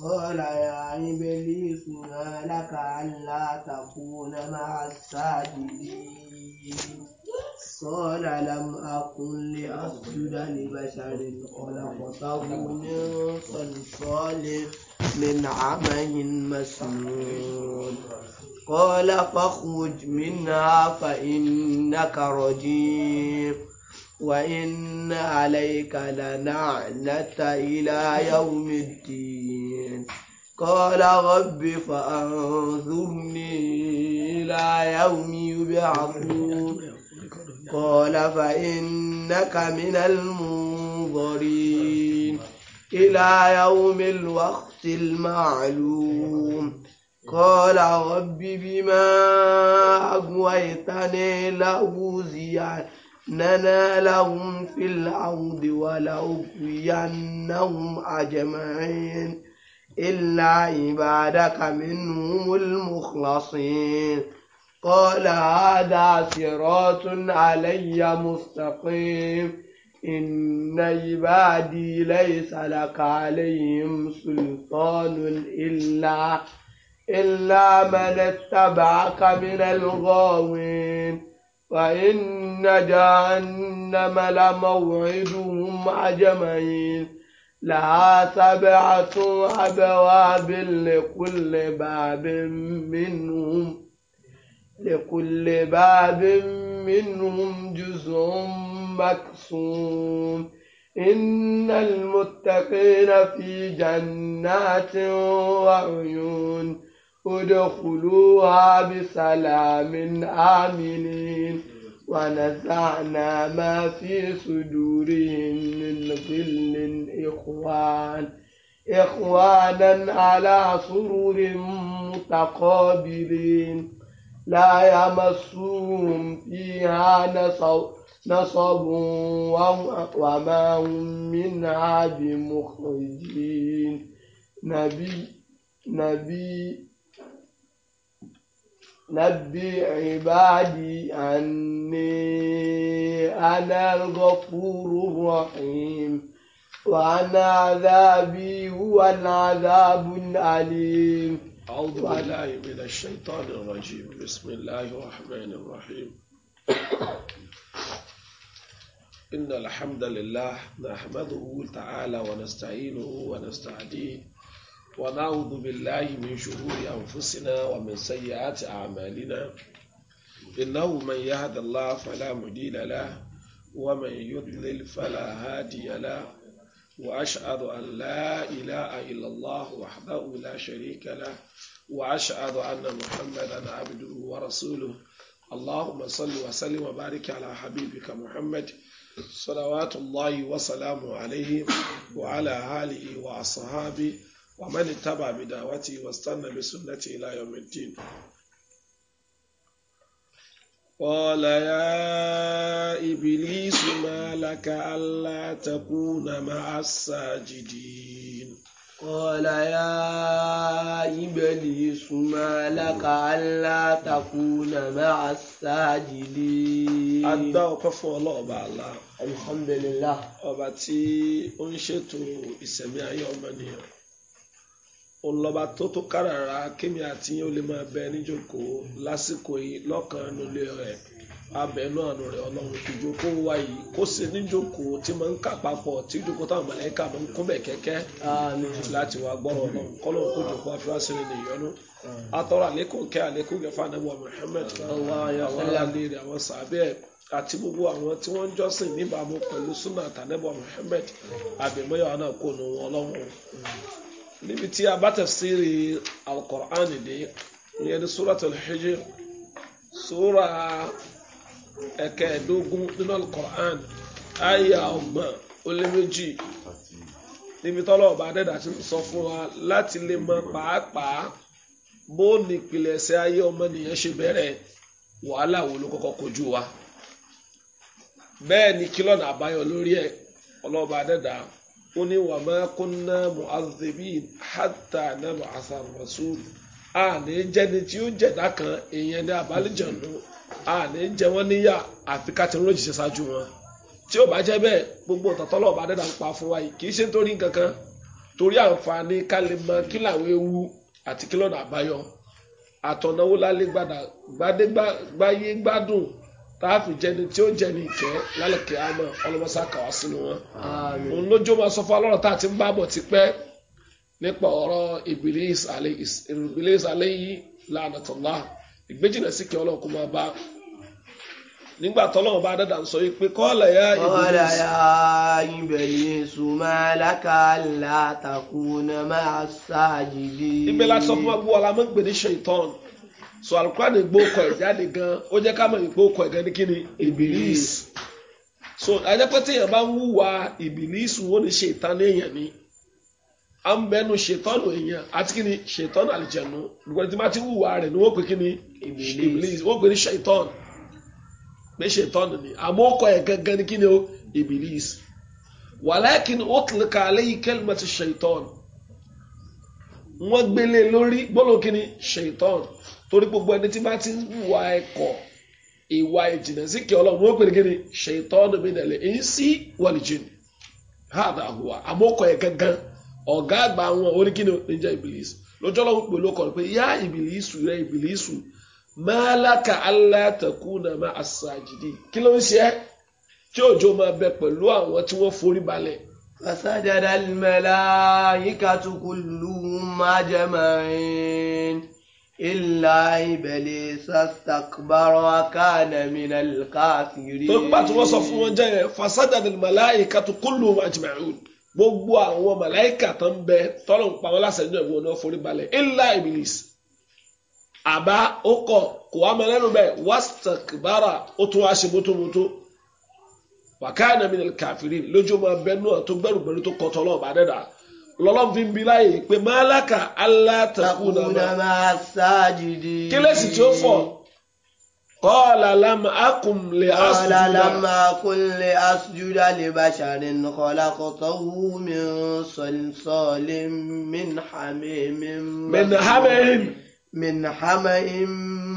قال يا إبليس ما لك ألا تكون مع الساجدين قال لم أكن لأسجد لبشر خلقته من صلصال من عمل مسنون قال فاخرج منها فإنك رجيم وإن عليك لنعنة إلى يوم الدين قال رب فأنظرني إلى يوم يبعثون قال فإنك من المنظرين إلى يوم الوقت المعلوم قال رب بما أغويتني لأوزيني لهم في العود ولأغوينهم أجمعين إلا عبادك منهم المخلصين قال هذا صراط علي مستقيم إن عبادي ليس لك عليهم سلطان إلا إلا من اتبعك من الغاوين وإن جهنم لموعدهم أجمعين لها سبعة أبواب لكل باب منهم لكل باب منهم جزء مقسوم إن المتقين في جنات وعيون ادخلوها بسلام آمنين ونزعنا ما في صدورهم من ظل إخوان إخوانا على سرور متقابلين لا يمسهم فيها نصب نصب وما هم منها بمخرجين نبي نبي نبي عبادي أني أنا الغفور الرحيم وأنا عذابي هو العذاب الأليم أعوذ بالله من الشيطان الرجيم بسم الله الرحمن الرحيم إن الحمد لله نحمده تعالى ونستعينه ونستعديه ونعوذ بالله من شرور أنفسنا ومن سيئات أعمالنا إنه من يهد الله فلا مديل له ومن يضلل فلا هادي له وأشهد أن لا إله إلا الله وحده لا شريك له وأشهد أن محمدا عبده ورسوله اللهم صل وسلم وبارك على حبيبك محمد صلوات الله وسلامه عليه وعلى آله وأصحابه ومن اتبع بدعوته واستنى بسنته إلى يوم الدين قال يا إبليس ما لك ألا تكون مع الساجدين قال يا إبليس ما لك ألا تكون مع الساجدين Adá ọpẹ́ fún ọlọ́ọ̀bà Allah. Alhamdulillah. Ọba tí ó ń ṣètò ìsẹ̀mí ọlọ́ba tó tó kárara kémi àti yín ó lè máa bẹ níjókòó lásìkò yìí lọ́kàn nílé rẹ̀ abẹ́nú àánú rẹ̀ ọlọ́run ìjókòó wa yìí kó sì níjókòó tí mo ń kà papọ̀ tí ìjókòó táwọn mọ̀lẹ́kà mo ń kún bẹ̀ kẹ́kẹ́ láti wá gbọ́rọ̀ ọlọ́run kọ́lọ́run kó jòkó afurasí rẹ̀ nìyọnu atọ́rọ̀ àlékún kẹ́ àlékún kẹfà nàbọ̀ Muhammad àwọn aláàlẹ́ rẹ̀ àwọn sàbẹ̀ àti gbogbo àwọn tí wọ́n ń jọ́sìn níbàámu pẹ̀lú sunnah tànẹ́bọ̀ Muhammad àbẹ̀mọ́yà náà kò nù wọn ọlọ́run níbi tí a bá tafsiri al-Qur'an dé ìyẹn ní suratul Hijr sura ẹ̀kẹ́ẹ̀dógún nínú al-Qur'an àyà ọgbọ̀n ó lé méjì níbi tọ́lọ́ ọba adẹ́dà ti sọ fún wa láti lè mọ pàápàá bó ní ìpìlẹ̀ṣẹ̀ ayé ọmọnìyàn ṣe bẹ̀rẹ̀ wàhálà wo ló kọ́kọ́ kojú wa bẹ́ẹ̀ ni kílọ̀nà àbáyọ lórí ẹ̀ ọlọ́ọba adẹ́dà ó ní wà má kunna mu'adhibin hatta nab'atha rasul a ní jẹni tí ó jẹ̀dá kan èèyàn ní àbálẹ̀jọ̀nù a ní jẹ wọ́n níyà àfi ká ti rọ́jì ṣáájú wọn tí ó bá jẹ́ bẹ́ẹ̀ gbogbo ọ̀tọ̀tọ̀lọ̀ ọba dẹ́dà ń pa fún wa yìí kì í ṣe nítorí nǹkan torí àǹfààní ká kí làwọn ewu àti kí lọ́nà àbáyọ àtọ̀nàwó lálẹ́ gbàdégbáyé gbádùn tààfin jẹni tí ó jẹni ìkẹ́ lálẹ́ kíámà ọlọ́mọsá kàwá sínú wọn. òun lójó máa sọ fún ọlọ́rọ̀ tá a ti ń bá bọ̀ tipẹ́ nípa ọ̀rọ̀ Ibilis alayhi la'natullah ìgbéjìnà sí kí ọlọ́run kó máa bá nígbà tọ́lọ́run bá dàda sọ yìí pé kọ́ọ̀lẹ̀ yá Ibilis. kọ́ọ̀lẹ̀ yá Ibilis máa laka la takuna máa sáàjì lé. ìgbéla sọ fún so alukurani gbókọ ẹ̀ jáde gan ó jẹ́ ká mọ̀ ní gbókọ ẹ̀ gan ní kíni ibilis so ajẹ́pẹ́ téèyàn bá ń wúwa ibilis wọ́n ní ṣètánù èèyàn ni à ń bẹnu ṣètánù èèyàn àti kíni ṣètánù àlìjẹ̀nu lùgbọ́n tí bá ti wúwa rẹ̀ ni wọ́n pè kíni ibilis wọ́n pè ní ṣètánù pé ṣètánù ni àmọ́ ó kọ ẹ̀ gangan ní kíni o ibilis wàlákin ó tilka alayhi kalimatu ṣètánù wọ́n gbélé lórí gbólókíní ṣètánù torí gbogbo ẹni tí bá ti ń wà ẹ̀kọ́ ìwà ìjìnà sí kí ọlọ́run ó pèrè gíní ṣètọ́nù mi nàlẹ́ èyí sí wọ̀lìjìn hàdà hùwà àmọ́kọ̀ ẹ̀ gangan ọ̀gá àgbà wọn oníkíni níjà ìbìlísù lójú ọlọ́run pè ló kọ̀ọ̀rọ̀ pé yá ìbìlísù rẹ ìbìlísù málákà alátakùnà máa àṣàjìdì kí ló ń ṣe é òjò máa bẹ pẹ̀lú àwọn tí wọ́n forí balẹ̀. fasajada al-malaikatu kulluhum ajma'in illa iblis astakbara wa kana minal kafirin. tó pàtó wọ́n sọ fún wọn jẹ́ fasada ni màláìka tó kúlù àjùmáyún gbogbo àwọn màláìka tó ń bẹ tọ́lọ̀ ń pa wọn láṣẹ nínú ìwọ̀n náà forí balẹ̀ illa iblis àbá ó kọ̀ kò wá mẹ́lẹ́nu bẹ́ẹ̀ wastakbara ó tún wá ṣe mótómótó wa kana minal kafirin lójú ọmọ abẹ́nú tó gbẹ́rùgbẹ́rù tó kọ́ lọ́lọ́run fi ń bi láàyè pé málákà alátakùnà máa sáàjìdì. kílẹ̀sì tí ó fọ̀ kọ́ọ̀lá lámà ákùn lè asùjúdà. kọ́ọ̀lá lámà ákùn lè asùjúdà lè bá ṣàrin kọ́lá kọ́tọ́ wú mi sọ̀lẹ̀ min hamẹ́hìn. min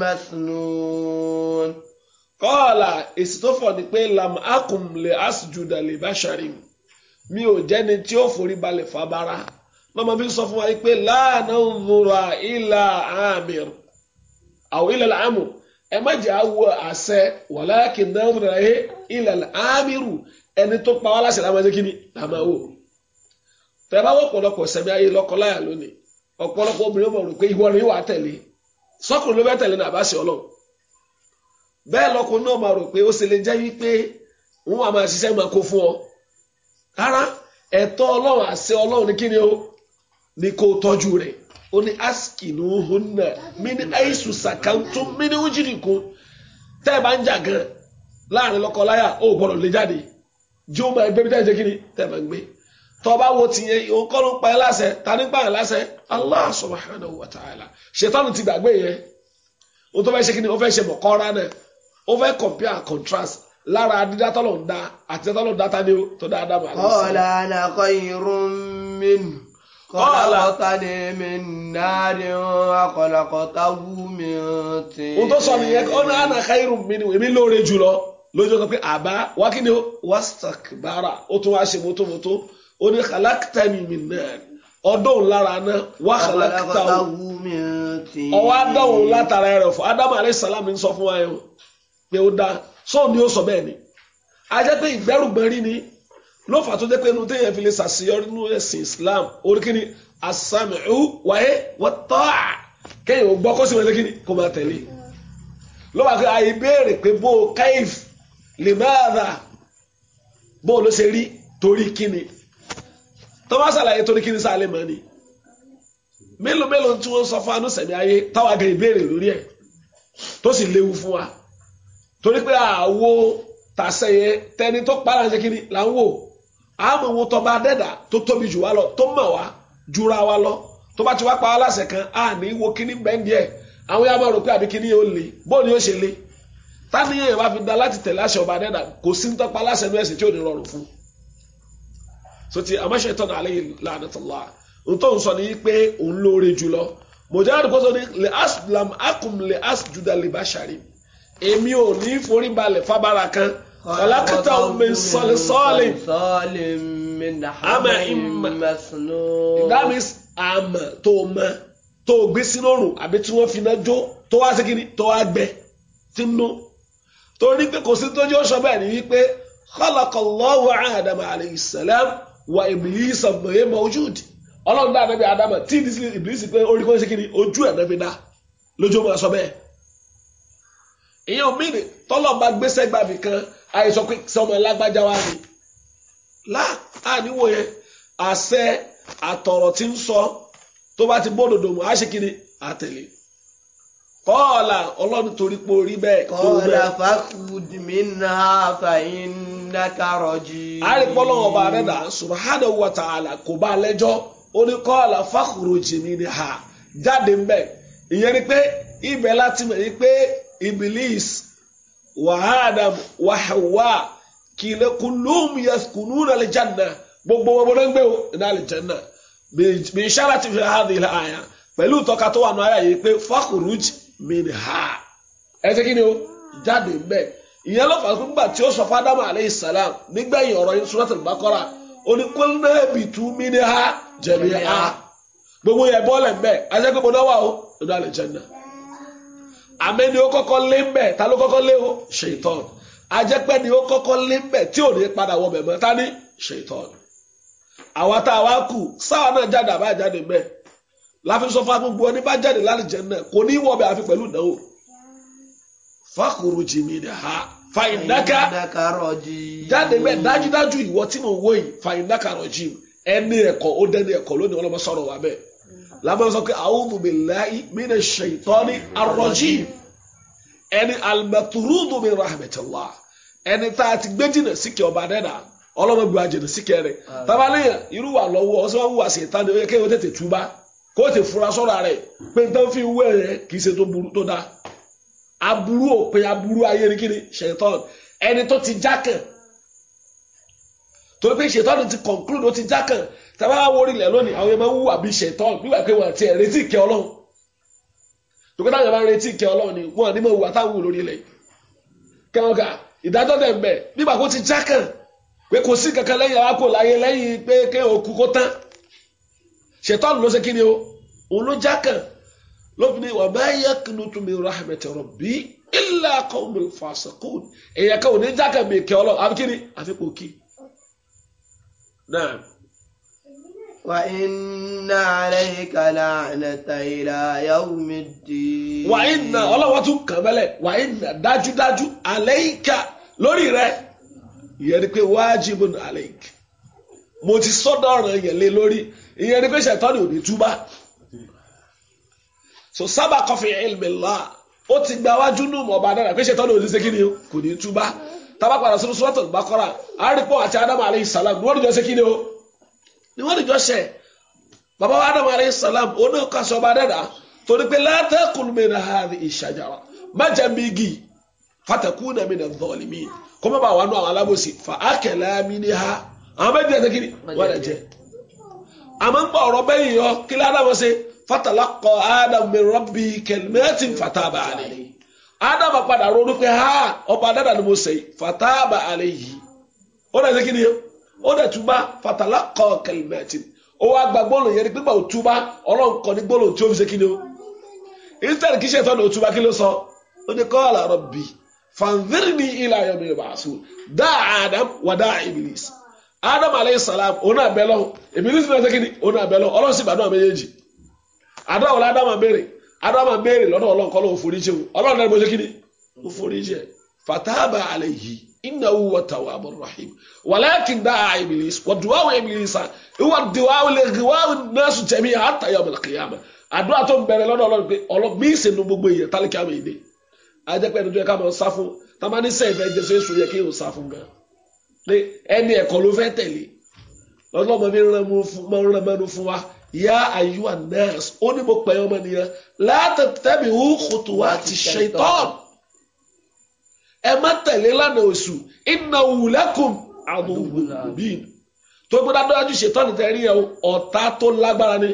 kọ́ọ̀lá èsì tó fọ̀ ni pé lámà ákùn lè asùjúdà lè bá ṣàrin mi ò jẹ́ni tí ó forí balẹ̀ fabara lọ́mọ fi sọ fún wa pé láàánú nura ilà amir àwọn ilà amu ẹ má jẹ́ àwọ àṣẹ wàláàkì náírà ẹ ilà amiru ẹni tó pa wá láṣẹ láwọn ẹni kíni làmà wò tẹ́ bá sẹ́mi ayé lọ́kọ́láyà lónìí ọ̀pọ̀lọpọ̀ obìnrin mọ̀ rò pé ìwọ ni wà á tẹ̀lé sọ́kùnrin ló fẹ́ tẹ̀lé ní àbáṣe ọlọ́run bẹ́ẹ̀ lọkùnrin náà máa rò pé ó ṣe lè jẹ́ wípé òun àmà ṣiṣẹ́ máa kó fún ọ rárá ẹ̀tọ́ ọlọ́run àṣẹ ọlọ́run ní kíni o ní kó tọ́jú rẹ̀ ó ní askinu hunna mini aisu sakantum mini ujiriku tẹ́ ẹ bá ń jà gan láàrin ó gbọ́dọ̀ lè jáde jí ó wo ló ń pa ẹ́ láṣẹ ta ní Allah subhanahu wa ta'ala ti gbàgbé yẹn ó tó fẹ́ ṣe kíni ó fẹ́ ṣe lára dídá tọ́lọ̀ ń dá àti tọ́lọ̀ ń dá tani ó tó dáadáa bá lọ sí. ọ̀la àlàkọ́ irun mìíràn kọ́lákọ́ta ni mi náàrí akọ̀làkọ́ta wú mi ti. ohun tó sọ nìyẹn ọ̀nà ànàkà irun mi ni èmi lóore jùlọ lójú ọkọ pé àbá wákìndé wastak bára ó tún wá ṣe mótómótó ó ní kàlákìtà ni mi náà ọdún lára náà wá kàlákìtà ọwọ́ adáhùn látara ẹ̀rọ fún ádámù alayhi salam ń sọ fún wa yẹn pé ó dáa sóò ni ó sọ bẹ́ẹ̀ ni a jẹ́ pé ìgbẹ́rùgbọ́n rí ni ló fà tó jẹ́ pé inú téèyàn fi lè ṣàṣeyọrí nínú ẹ̀sìn Islam oríkìní asami'u wáyé wọ́tọ́à kéèyàn ò gbọ́ kó sì wọlé kíni kó máa tẹ̀lé ló wà pé àyè béèrè pé bó o káyìf lè máa rà bó o ló ṣe rí torí kíni tó bá ṣàlàyé torí kíni sáà lè mọ̀ ni mélòó mélòó tí wọ́n sọ fún anúsẹ̀mí ayé táwa gẹ̀ ìbéèrè lórí ẹ̀ tó sì léwu fún wa torí pé àwo tàṣẹyẹ tẹni tó para ṣe kíni là ń wò àmọ́ wo tọba dẹ́dà tó tóbi jù wá lọ tó mọ̀ wá jura wá lọ tó bá ti wá pa wá láṣẹ kan a ní wo kíní bẹ́ńdì ẹ̀ àwọn yàrá máa rò pé àbí kíní yóò le bóun ni yóò ṣe le táníyàn yẹn bá fi da láti tẹ̀lé àṣẹ ọba dẹ́dà kò sí nítorí pa ní ẹ̀sìn tí ò ní rọrùn fún so ti amáṣe tọ́nà alẹ́ yìí lánàtàlá ntọ́ nsọ ni pé òun lóore jùlọ mọ̀jáde kó sọ ni le aslam akum le as Juda le bashari èmi ò ní foríbalẹ̀ fábára kan ọlákítà omi sọlẹsọlẹ àmà ìmà that means àmà tó mọ tó gbé sínú òrùn àbí tí wọ́n fi iná jó tó wá sí kíni tó wá gbẹ tí ń nú torí pé kò sí tójú ọ̀ṣọ́ bẹ́ẹ̀ ni wípé khalaqallahu Adama alayhi salam wa Iblisa bẹ̀rẹ̀ mawjud ọlọ́run dá ànábì Adama tí ìdí sí Iblisi pé orí kan ṣe kíni ojú ẹ̀ dá lójú ọmọ ẹ̀ bẹ́ẹ̀ ìyẹn ò mìíràn tọ́lọ̀ bá gbéṣẹ́ gbàbì kan àìsàn pé sọmọ lágbájá wa ni lá àníwò yẹn àṣẹ àtọ̀rọ̀ tí ń sọ tó bá ti bódòdó mu á ṣe kí ni àtẹ̀lé kọ́ọ̀là ọlọ́run torí pé orí bẹ́ẹ̀ tó bẹ́ẹ̀. kọ́ọ̀là fàkùdì mí nà fàyín nàkàrọ̀ jì. àríkọ́lọ́ ọba rẹ̀ dà subhanahu wa ta'ala kò bá lẹ́jọ́ ó ní kọ́ọ̀là fàkùrò jì mí ni ha jáde ń bẹ̀ ìyẹn Iblis wa Adam wa Hawa kila kullum yaskununa aljanna gbogbo wọn bọ́dọ̀ ń gbé ní aljanna bí ìṣára ti fi hàn ilẹ̀ àyà pẹ̀lú ìtọ́ka tó wà ní ara yìí pé fakuruj minha ẹ ti kí ni o jáde ń bẹ̀ ìyẹn ló fà á nígbà tí ó sọ fún Ádámù alayhi salam nígbẹ̀yìn ọ̀rọ̀ yìí Suratul Baqara oníkólínà bìtú minha jami'a gbogbo yẹn bọ́ọ̀lẹ̀ ń bẹ̀ ajẹ́gbẹ́gbọ́dọ̀ wà ó ní aljanna àmẹ́ni ó kọ́kọ́ lé ń bẹ̀ ta ló kọ́kọ́ lé o ṣètọ́n ajẹ́pẹ́ ni ó kọ́kọ́ lé ń bẹ̀ tí ò ní padà wọ bẹ̀ mọ́ ta ní ṣètọ́n àwa tá a wá kù sáwa náà jáde àbá jáde bẹ́ẹ̀ láfisọ́ fún agbègbè ọní bá jáde lálejẹ náà kò ní wọ bẹ̀ àfi pẹ̀lú ìdánwò fákòrò jìmí ni ha fàyíndáká jáde bẹ́ẹ̀ dájúdájú ìwọ tí mo wọ yìí fàyíndáká rọ̀ jìm ẹni ẹ̀kọ́ ó dẹ́ni ẹ̀kọ́ lónìí ọlọ́mọ sọ̀rọ̀ wa bẹ́ẹ̀ lábọ́n sọ pé a'udhu billahi minash shaitani ar-rajim ẹni al-matrudu min rahmatillah ẹni tá a ti gbé jìnnà síkẹ́ ọba dẹ́dà ọlọ́mọ bí wàá jìnnà síkẹ́ rẹ̀ tabalẹ́yìn irú wà lọ́wọ́ ọ̀sẹ̀ wọ́n wù àṣẹ ìtàn ní kéwọ́n tètè túbá kó tè fura sọ́ra rẹ̀ pé nǹkan fi wú ẹ̀rẹ̀ kì í ṣe tó burú tó dáa aburú òpin aburú ayé ni kíni ṣètọ́n ẹni tó ti jákàn torí pé ṣètọ́n ti conclude ó ti jákàn tẹ́wá wórílẹ̀ lónìí àwọn yẹn máa ń wù àbí ṣètọ́ nígbà pé wọ́n ti retí ìkẹ́ ọlọ́run tòkítà yẹn máa ń retí ìkẹ́ ọlọ́run ni wọ́n ní mọ̀ wù àtàwọn wù lórí ilẹ̀ kẹ́wọ́n ká ìdájọ́ dẹ̀ mbẹ̀ nígbà kó ti já kàn pé kò sí kankan lẹ́yìn arákò láyé lẹ́yìn pé kẹ́ òkú kó tán ṣètọ́ ló ṣe kí ni o òun ló já lóbìnrin wà má yẹ kinu tún mi rahmat rabbi illa qawmul fasiqun èèyàn وَإِنَّ عَلَيْكَ لَعْنَةَ إِلَى يَوْمِ الدِّينِ وَإِنَّ ọlọ́wọ́ tún kàn mẹ́lẹ̀ وَإِنَّ dájúdájú عَلَيْكَ lórí rẹ ìyẹn ni pé wajibun عَلَيْكَ mo ti sọ́dọ̀ ọ̀ràn yẹn lé lórí ìyẹn ni pé ṣètọ́ni ò ní túbá so sabaqa fi ilmi Allah ó ti gba wájú nù mọ̀ ọba náírà pé ṣètọ́ni ò ní ṣe kí ni kò ní túbá tábà padà sínú Suratul Baqara àrípọ̀ àti Ádámù alayhi salam ni wọ́n ní jọ ṣe kí ni o ni wọ́n lè jọ ṣe bàbá wa Adam alayhi salam oní ọkọ sọ ọba dada torí pé látàkùn mi náà hàdí ìṣàjára má jẹ mi igi fatakú na mi náà dọ̀ọ̀lì mi kó má bàa wà nù àwọn alábòsí fa akẹlẹ mi ní ha àwọn méjì ẹsẹ kiri wọn lè jẹ àmọ́ ń pa ọ̀rọ̀ bẹ́yìn yọ kí ládàmọ́ ṣe fatalakọ Adam mi rọ́bì kẹlẹ́tì fataba alayhi Adam padà ronú pé ha ọba dada ni mo ṣe fataba alayhi ó lè ṣe kí ni yẹn. ó dẹ̀ túbá fatala kọ kẹlẹmẹtì ó wá gba gbólóhùn yẹn ní pípa òtúbá ọlọ́run kọ ní gbólóhùn tí ó fi ṣe kíni o instead kí ṣètò ọ̀nà òtúbá kí ló sọ ó ní ila adam wà dáa ibilis adam alayhi salam òun náà bẹ ibilis náà ṣe náà ọlọ́run sì innahu wa tawwabur rahim walakin daa iblis wa duwawu iblis huwa duwawu le duwawu nasu jami'a hatta yawmil qiyamah àdúrà tó ń bẹ̀rẹ̀ lọ́dọ̀ Ọlọ́run pé ọlọgbìn ìsìnú gbogbo èèyàn tálíkì àwọn èdè ajẹpẹ ẹni tó yẹ ká máa sá fún tamani sẹyìn fẹ jẹ sẹyìn sùn yẹ kí yóò sá fún gan pé ẹni ẹ̀kọ́ ló fẹ́ tẹ̀lé ọlọmọ mi ràn mẹnu fún wa ya ayyuhan nas ó ní mo pẹ ọmọ nìyẹn la tattabi'u khutuwati shaytan ẹ má tẹ̀lé lánàá oṣù iná wùlẹ́kùn àbùbùbìn tó gbọ́dọ̀ dájú ṣètọ́ ní tẹ̀rí ẹ̀ ọ̀tá tó lágbára ni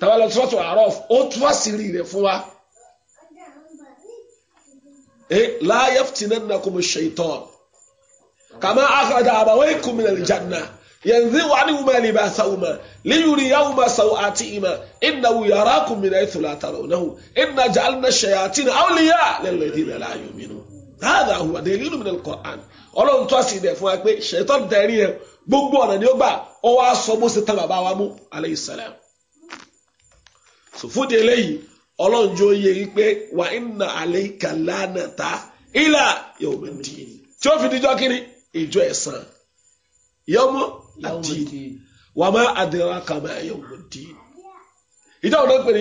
tàwa lọ sọ́tò àárọ̀ ó tú àṣírí rẹ̀ fún wa láyé tìǹda nàkùnmù ṣètọ́ kàmá àkàdà àbáwé kùmìnà lìjànà yanzi'u anhuma libasahuma liyuriyahuma sawatihima innahu yarakum min haythu la tarawnahu inna ja'alna ash-shayatina awliya lilladhina la yu'minun hadha huwa dalilun min al-Qur'an ọlọ́run tó a sì dẹ̀ fún wa pé ṣètọ́n darí ẹ gbogbo ọ̀nà ni ó gbà ó wá sọ bó ṣe tán bàbá wa mú alayhi salam sòfúdi eléyìí ọlọ́run jó yẹ yí pé wà inna alayka lánàtà ilà yawmiddin tí ó fi dijọ́ kiri ìjọ ẹ̀san yọmọ ad-din wa ma adraka ma yawm ad-din ìjọba náà pè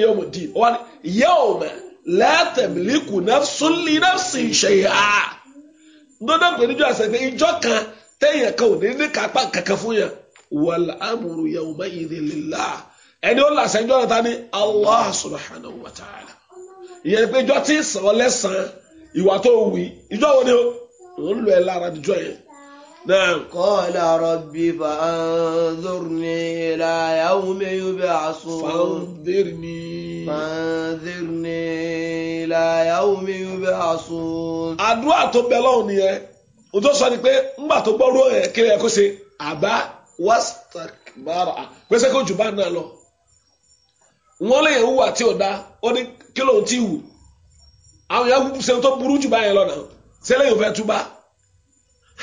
ní la tamliku nafsun li nafsin shay'a ndọ́dọ̀ pè níjọ́ àṣẹ̀gbẹ́ ìjọ kan téèyàn kan ò ní ní kápá kankan fún yàn wal amru yawma idhin lillah ẹni ó làṣẹ ìjọ náà ta ni Allah subhanahu wa ta'ala ìyẹn pé ìjọ tí ń sàn ọ lẹ́sàn-án ìwà tó wù í ìjọ wo ni ó ń lọ ẹ lára ìjọ yẹn نعم قال ربي فأنظرني إلى يوم يبعثون فأنظرني فأنظرني إلى يوم يبعثون àdúrà tó bẹ lọ́wọ́ nìyẹn o tó sọ ni pé ńgbà tó gbọ́rọ̀ ẹ̀ kí ẹ kó ṣe àbá wastakbara pèsè kó jù bá náà lọ wọ́n lè wù àti ọ̀dà ó ní kí lóun ti wù àwọn yàrá sẹ́ni tó burú jù báyẹn lọ náà sẹ́lẹ̀ yóò fẹ́ túbà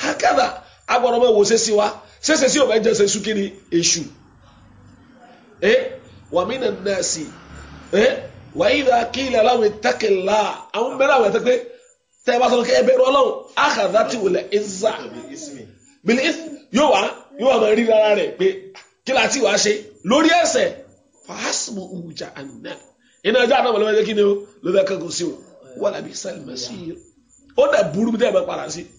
hákàdà agbọ́dọ̀ mọ̀ wò ṣe sí wa ṣẹṣẹ sí ọ̀bẹ jẹsẹ̀ sùn kiri èṣù ẹ wàmínà náà sí ẹ wàyí ìdá kí ilẹ̀ aláwọ̀ ìtàkìlá àwọn mẹ́rin àwọn ẹ̀tẹ́gbẹ́ tẹ́ ẹ bá sọ kẹ́ ẹ bẹ̀rù ọlọ́run àkàdá ti wùlẹ̀ ẹ̀zá bìlẹ̀ yóò wá yóò wá máa rí rárá rẹ̀ pé kí la ti wàá ṣe lórí ẹ̀ṣẹ̀ fàásùmù ùjà àná iná ọjọ́ àná mọ̀lẹ́mọ̀ ẹ̀jẹ̀ kí ni ó ló fẹ́ sí o wọ́n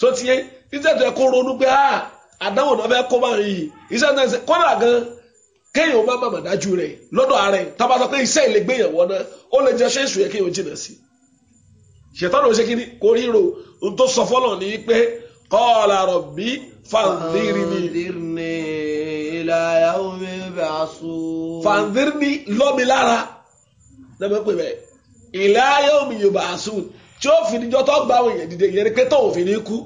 so ti yé iṣẹ́ tó yẹ kó ronú pé ah àdánwò náà fẹ́ kó máa rìn yìí iṣẹ́ náà ṣe kódà gan kéèyàn má màmá dájú rẹ̀ lọ́dọ̀ ààrẹ tábà sọ pé iṣẹ́ ìlẹ́gbẹ̀yàn wọ́n náà ó lè jẹ́ ṣé èṣù yẹ kéèyàn jìnnà sí ṣètọ́nù ṣe kí ni kò ríro ohun tó sọ fọ́lọ̀ ní pé qala rabbi fàǹdírìní. fàǹdírìní ila yawmi yub'asun. fàǹdírìní lọ́mi lára lọ́mọ pè bẹ́ẹ̀ ila yawmi yub'asun tí ó fi níjọ́ tó gba àwọn èèyàn dìde ìyẹn ni pé tó òfin ní kú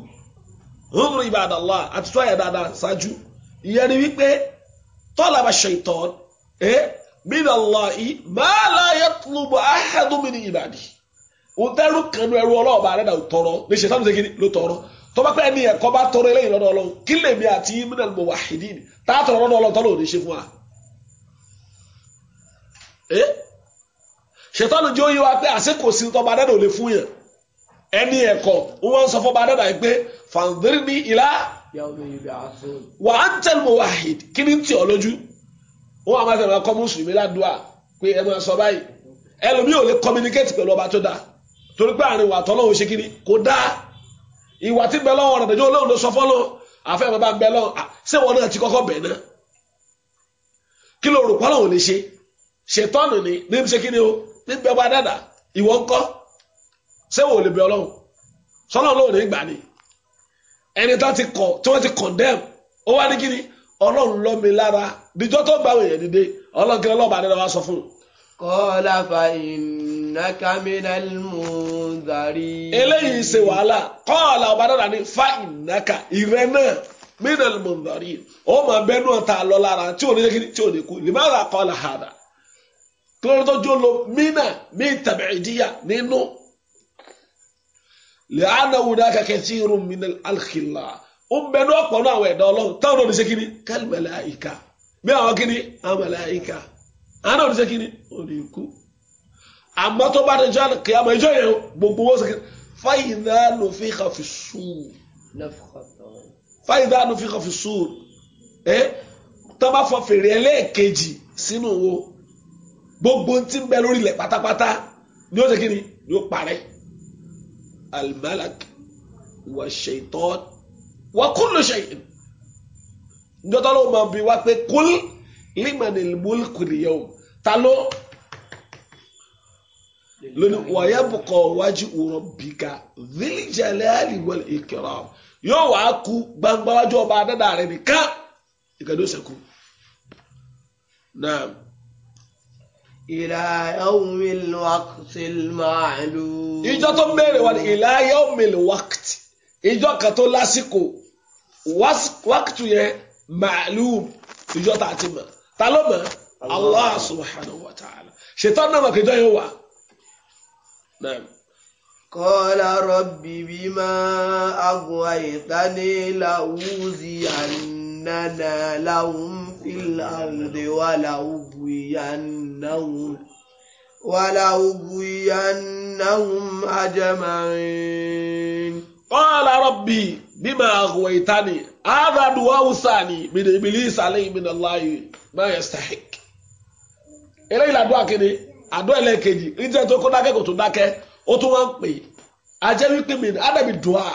húmùrù ibadallah àti tó àyà dáadáa ṣáájú ìyẹn ni wípé talaba shaytan ẹ́ minallahi ma la yatlubu ahadun min ibadihi òtẹ́rù kanú ẹrú ọlọ́ọ̀bà rẹ̀ náà tọrọ lè ṣe sánú segin ló tọrọ tó bá pẹ́ ní ẹ̀kọ́ bá tọrọ eléyìí lọ́dọ̀ ọlọ́run ẹni ẹ̀kọ́ wọ́n sọ fún bàdàdà pé fàǹdírí ní ìlà wà á ń tẹ̀lé mọ́ wahid kí ni tí ọ lójú wọ́n àwọn àti ẹ̀kọ́ mùsùlùmí ládùúà pé ẹ máa sọ báyìí ẹlòmíì ò lè communicate pẹ̀lú ọba tó dáa torí pé àárín ìwà tọ́lọ́hún ṣe kí ni kò dáa ìwà tí bẹ́ẹ̀ lọ́wọ́ rẹ̀ dẹ̀jọ́ olóhùn ló sọ fọ́lọ́ àfẹ́ bàbá ń lọ́wọ́ ṣé wọn náà ti kọ́kọ́ bẹ̀ náà kí ló rò pọ́lọ́hún lè ṣe ṣètọ́nù ni ní ṣe kí ni o ní bẹ́ẹ̀ bá dáadáa ìwọ ńkọ́ ṣé wò lè bẹ ọlọ́run sọ́nà ọlọ́run ní gbà ni ẹni tó ti kọ̀ tí wọ́n ti condemn ó wá ní kíni ọlọ́run lọ́ mi lára díjọ́ tó gbà wọ̀nyẹn dìde ọlọ́run kí ọlọ́run bá dẹ́rẹ́ wá sọ fún un. kọ́lá fa ìnáka minal mundari. eléyìí ṣe wàhálà kọ́lá ọba dọ́là ní fa ìnáka ìrẹ́ náà minal mundari ó máa bẹ́nu ọ̀tá lọ lára tí ò ní kíni tí ò ní kú lèmọ́ra kọ́lá hàdà kí lóòótọ́ jó lo mina mi tàbí ìdíyà nínú. No lẹ́hánà wùdá kẹkẹ tí irun mi ní alkìlá ó ń bẹ ní ọ̀pọ̀ náà àwọn ẹ̀dá ọlọ́run táwọn náà ní ṣe kíni kálímẹ̀lẹ́ àyíká bí àwọn kíni àmàlẹ́ àyíká àwọn náà ní ṣe kíni ó lè àmọ́ tó bá dẹjọ́ kí a máa ìjọ yẹn gbogbo wọ́n sì kí fàyìdá ló fi kà fi sùúr fàyìdá ló fi kà fi sùúr ẹ tó bá fọ fèrè ẹlẹ́ẹ̀kejì sínú wo gbogbo ti ń bẹ lórí ilẹ̀ pátápátá ni ó ṣe kíni ni ó parẹ́ almalak wa shaitan wa kullu shay'in njọta ló máa bi wá pé kul limanil mulku liyawm ta ló lónìí wàyà bùkọ̀ wájú òrò bìkà village aliwal ikram yóò wá ku gbangba wájú ọba adada rẹ nìkan ìkàdé ó sẹkù náà ìlà yawmil waqtil ma'lum. ìjọ tó béèrè wa ni ìlà yawmil waqt ìjọ kan tó lásìkò wákìtù yẹn ma'lum ìjọ tá a ti mọ̀ ta ló mọ̀ allah subhanahu wa ta'ala ṣètọ́ náà mọ̀ yẹn wà. قال رب بما أغويتني لأوزيننا لهم في الأرض ولأغوين لأغوينهم ولأغوينهم أجمعين قال ربي بما أغويتني هذا دعاء ثاني من إبليس عليه من الله ما يستحق eléyìí làdúrà kéde àdúrà ẹlẹ́ẹ̀kejì níjẹ́ tó kó dákẹ́ kò tó dákẹ́ ó tún wọ́n ń pè é ajẹ́ wípé mi ádàbí dùn à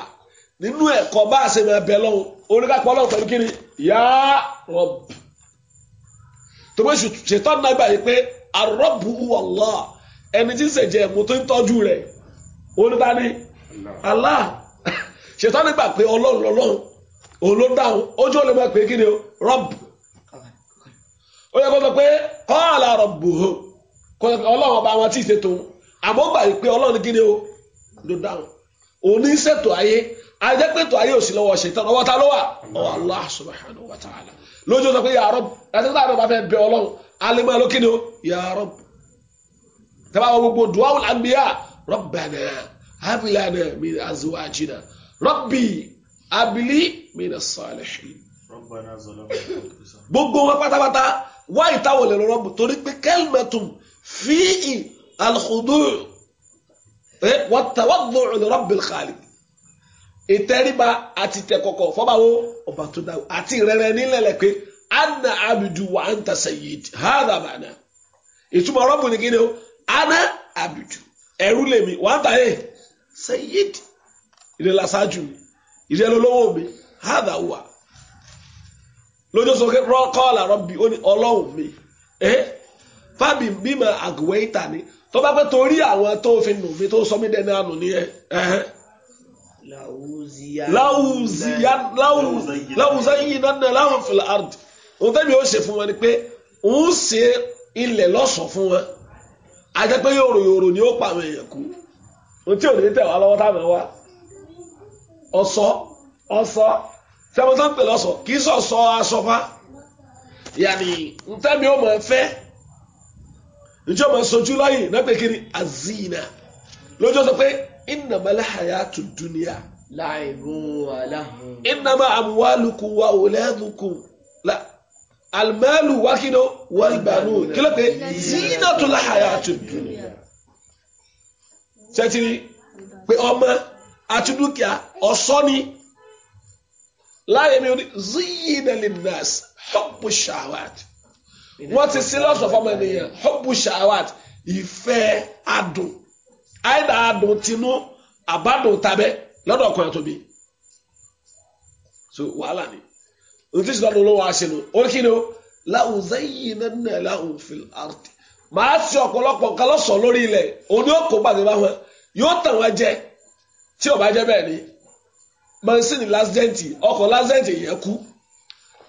nínú ẹ̀kọ́ bá a ṣe máa bẹ̀ lọ́wọ́ oníkàpọ̀ ọlọ́run pẹ̀lú kíni yá rọ̀b tó bó ṣètọ́ náà gbà yìí pé arọ́bù wọ̀lọ́ ẹni tí ń ṣèjẹ́ mo tó ń tọ́jú rẹ̀ onídàáni Allah ṣètò nígbà pé ọlọ́run lọ́lọ́run òun ló dáhùn ojú ò lè máa pè é kí ni o rọ́bù ó yẹ kó sọ pé kọ́ọ̀lá rọ̀bù hó ọlọ́run ọba wọn tí ì ṣètò àmọ́ gbà pé ọlọ́run kí ni o ló dáhùn òun ní ṣètò ayé ajẹ́pẹ̀tò ayé ò sí lọ́wọ́ ṣètò ọwọ́ ló wà ọwọ́ Allah subhanahu wa ta'ala lójú sọ pé ya Rabb alẹ́mọ́ ló kíni o ya rọ́b tẹ́lá wọn gbogbo duwawul anbiya rabbana habilana min azwajina rabbi abili min as-salihin. gbogbo wọn pátápátá wá ìtawọ̀ lẹ́nu rọ́bù torí pé kẹ́lmẹ̀tùm fíì alhudur wàtàwàdùn lirabbil khaliq ìtẹríba àti tẹkọkọ fọbàwọ ọba àti ìrẹrẹ nílẹ̀ lẹ́pẹ́ ana abidu wa anta sayyid hada mana ìtumọ̀ rọ́bù ni kí ni o ana abidu ẹrú lèmi wa anta ẹ eh, sayyid ìdè lasájú mi ìdè lọ́wọ́ mi hada wa lójó sọ pé kọ́ọ̀là rọ́bì ó ní ọlọ́run mi eh, fábì bímọ àgùwẹ́ ìta ni tó bá pẹ́ torí àwọn tó fi nù mí tó sọ mí dẹni àánú ni ẹ láwùzíyá láwùzíyá láwùzíyá náà láwùn fìlà àrùtì ohun tẹ́mi ó ṣe fún wọn ni pé òun ṣe ilẹ̀ lọ́sọ̀ fún wọn ajá pé yòrò yòrò ni ó pa àwọn èèyàn kú ohun tí ò ní tẹ̀ wá lọ́wọ́ táwọn wá ọ̀sọ́ ọ̀sọ́ sẹ́wọ́n tó ń pè lọ́sọ̀ kì í sọ̀sọ́ asọ́fá yàní ntẹ́mi ó mọ̀ fẹ́ njẹ́ mọ̀ sojú lọ́yìn náà kiri azina lójó sọ pé innamal hayatu dunya láì rún wàhálà innama amwalukum wa auladukum alimẹ́lù wákìdó wọ́n ìgbàanú kílẹ̀ pé zina tó láhàyà àti dùnìyà sẹ́tìrì pé ọmọ àti dúkìá ọ̀ṣọ́ ni láyé mi ní zina lè nas hubbu shahawat wọ́n ti sí lọ́sọ̀ fọmọ ènìyàn hubbu shahawat ìfẹ́ adùn àìdá adùn tinú àbádùn tabẹ́ lọ́dọ̀ ọkùnrin àtòbí so wàhálà ni ntí sinna ló wá ṣe nu ó kí ni o láwùn zẹ́yìn nánà láwùn fìlà àrùtì màá ṣe ọ̀pọ̀lọpọ̀ nǹkan lọ́sọ̀ lórí ilẹ̀ òní ó kó bàtẹ́ bá wọn yóò tàn wọn jẹ tí ò bá jẹ bẹ́ẹ̀ ni mọ̀nsìn lásìdẹ́ǹtì ọkọ̀ lásìdẹ́ǹtì èèyàn kú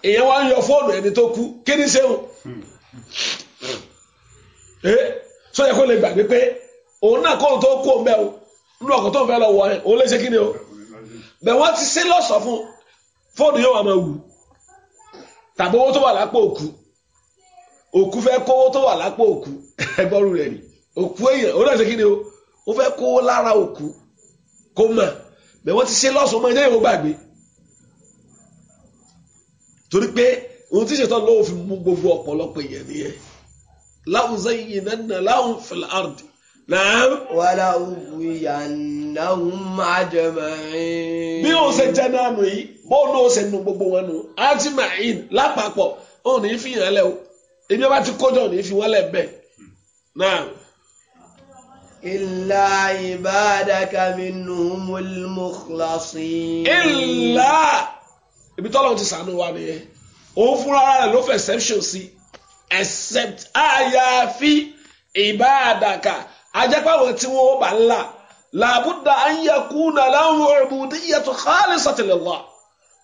èèyàn wá ń yọ fóònù ẹni tó kú kí ni ṣéun ẹ sọ yẹ kó lè gbàgbé pé òun náà kóun tó kú òun bẹ́ẹ̀ o nínú ọkọ̀ tó ń fẹ́ lọ wọ ẹ òun lè ṣe kí o bẹ̀ wọ́n ti ṣe lọ́sọ̀ fún fóònù yóò wà máa wù tàbí owó tó wà lápò òkú òkú fẹ́ kówó tó wà lápò òkú ẹgbọ́rú rẹ̀ ni òkú èèyàn ó náà ṣe kí ni o ó fẹ́ kówó lára òkú kó mọ̀ bẹ́ẹ̀ wọ́n ti ṣe lọ́sùn mọ́ ẹjẹ́ ìwọ gbàgbé torí pé ohun tí ṣètò lọ́wọ́ fi mú gbogbo ọ̀pọ̀lọpọ̀ èèyàn nìyẹn láwùzọ yìí nánà láwùn fìlà àrùn náà. wàlá òwú ìyànnáhùn máa jẹ mọ́ bí òun ṣe jẹ́ náà nù yìí bóòlù ọ̀sẹ̀ nínú gbogbo wọn nù atimahin lápapọ̀ ò ní fi hàn lẹ́ ebi ọba ti kójọ ní fi wọ́n bẹ́ẹ̀ náà. Illa ibadaka minhumul mukhlasin. Illa ibi tọ́lọ́ ti sànú wa nìyẹn. Òun fúnra rẹ̀ ló fẹ́ exception sí. Except àyàfi ìbádàkà. Ajẹ́pàwọ̀ tí wọ́n bá ń là. Làbúdà an yakuna lahu ubudiyyatu khalisatan lillah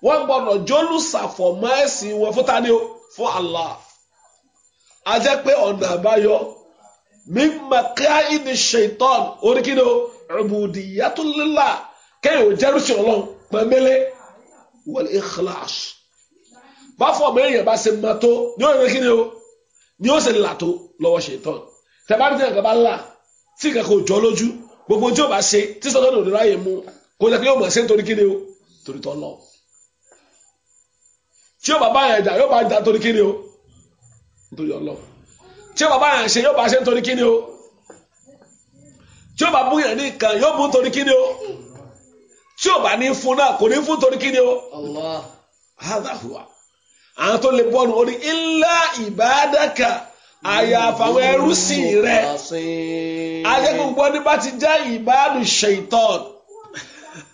wọ́n gbọ́dọ̀ jólùsàfọ̀mọ́ ẹ̀sìn wọn fún tani o fún Allah a jẹ́ pé ọ̀nà àbáyọ mímọ kíá ìdí ṣètọ́n oríkìdí o ubudiyatulillah kẹ́yìn ò jẹ́rú sí ọlọ́run pẹ̀mẹ́lẹ́ wal ikhlas báfọ̀ mẹ́yìn bá ṣe mọ́ tó ní ó yẹ kíni o ní ó ṣe là tó lọ́wọ́ ṣètọ́n tẹ̀bá bí tẹ̀yìn kan tí kankan ò lójú gbogbo tí ó bá ṣe tí sọ́dọ̀ ní òdìrá yẹn mú kó jẹ́ pé yóò mọ̀ ṣe nítorí kíni o torí lọ́wọ́ tí yóò bàbá yẹn jà yóò bá jà torí kíni o nítorí ọlọ́run tí yóò bàbá yẹn ṣe yóò bá ṣe nítorí kíni o tí yóò bá bú yẹn ní nǹkan yóò bú nítorí kíni o tí yóò bá ní fún náà kò ní fún nítorí kíni o. hadahuwa àwọn tó lè bọ́ọ̀nù ó ní ìbádàkà àyàfà àwọn ẹrú sí rẹ ajẹ́kùn gbọ́ bá ti já ìbádùn ṣèitọ́n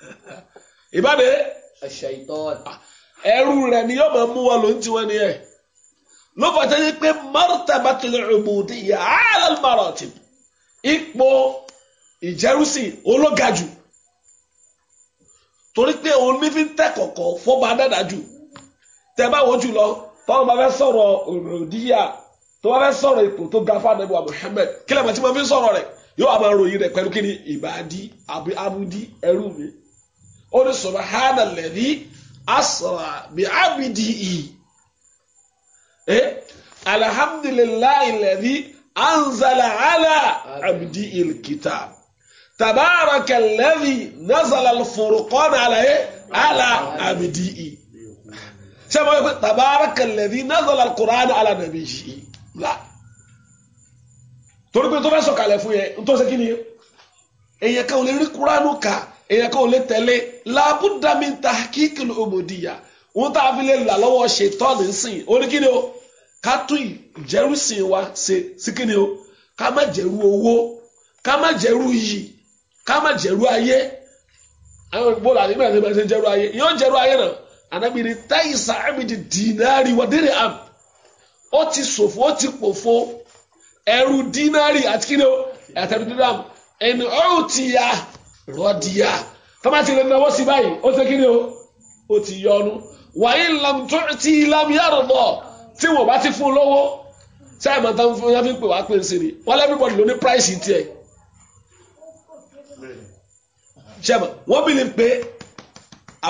ìbádùn ṣèitọ́n. Eh? ẹrú rẹ̀ ni yóò máa mú wa ló ń tiwọn ni ẹ̀ ló fàtẹ́ yí pé martabatul ubudiyya ala al-maratib ipò ìjẹ́rúsìn ológajù torí pé òun ní fi ń fọba dáadáa jù tẹ bá wọ́n jù lọ tọ́wọ́n bá fẹ́ sọ̀rọ̀ òròdíyà tó bá fẹ́ sọ̀rọ̀ ipò tó ga fún Muhammad kí tí mo fi ń sọ̀rọ̀ rẹ̀ yóò wà máa ròyìn rẹ̀ pẹ̀lú kí ni ìbàdí àbí ẹrú mi ó ní أسرى بعبده إيه؟ الحمد لله الذي أنزل على عبده الكتاب تبارك الذي نزل الفرقان على إيه؟ على عبده شو يقول تبارك الذي نزل القرآن على نبيه لا تركوا تبع سكالة فوية انتو سكيني إيه؟, إيه كاولي القرآن كا إيه كاولي تلي làbúdàmí tahkikul òmòdìyà wọn tá a fi lè là lọ́wọ́ ṣe tọ́ọ̀nù sìn oníkíni o ká tún ìjẹ́rùsìn wa ṣe síkíni o ká má jẹ́rú owó ká má jẹ́rú iyì ká má jẹ́rú ayé àwọn ìgbóhùn àti ìgbà tí wọ́n ti jẹ́rú ayé yóò jẹ́rú ayé náà ànábìrin táyìsà àmìdì dìínárì wọ́n dérè àmì ó ti ṣòfò ó ti pòfo ẹrú dínárì àti kíni o ẹ̀tẹ̀rù dínárì ẹni ọ̀rùn ti ya rọ́ọ̀dìyà tọ́ba ti lè náwó sí báyìí ó ṣe kíni o ó ti yọnu wàyí lamtó ti lamiyàrá bọ̀ tí wọ́n bá ti fún un lọ́wọ́ sáyà máa tán fún yàtọ̀ pé wàá pè ń wọ́n lẹ́bí bọ́ọ̀lù ló price tiẹ̀ ṣẹ́mọ̀ wọ́n bí ni pé